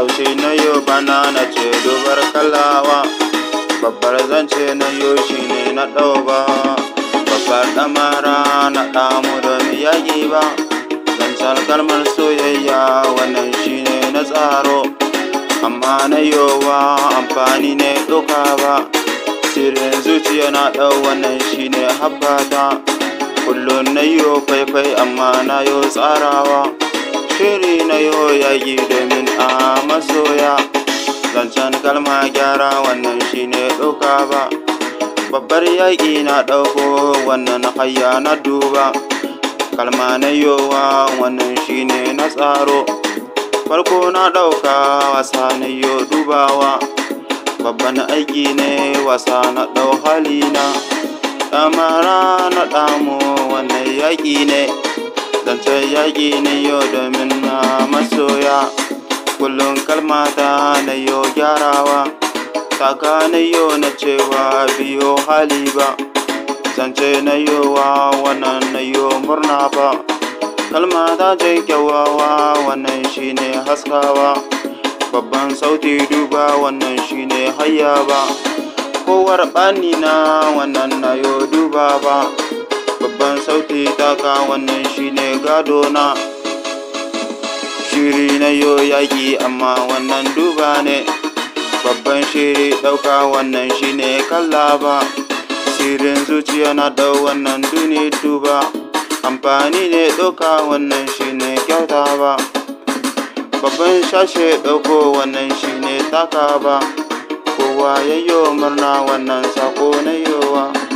Haushi na yo banana ce dubar kalawa Babbar zance na yo shi ne na ɗauba Babbar ɗamara na ɗamu da yaƙi ba Zancen kalmar soyayya wannan shi ne na tsaro Amma na yowa amfani ne ɗauka ba Sirrin zuciya na ɗau wannan shi ne habbata Kullum na yo faifai amma na yo tsarawa Shiri na yo yaƙi da soya zancen kalma gyara wannan shine ɗauka ba babbar yaƙi na ɗauko wannan hayya na duba kalma na yowa wannan shine na tsaro farko na ɗauka wasa na yo dubawa babban aiki ne wasa na ɗau halina ɗamara na ɗamo wannan yaƙi ne zancen yaƙi ne yau domin na masoya kullum kalmata na yo gyarawa ta gane yo na cewa biyo hali ba zance na yowa wannan na yo murna ba Kalmata ta je kyawawa wannan shine haskawa babban sauti duba wannan shine hayya ba kowar bani na wannan na yo duba ba babban sauti taka wannan shine gado na shiri na yo yaki amma wannan duba ne babban shiri ɗauka wannan shine ba sirin zuciya na ɗau wannan duni duba amfani ne ɗauka wannan shine kyauta ba babban shashe ɗauko wannan shine taka ba kowa yayyo murna wannan sako na yowa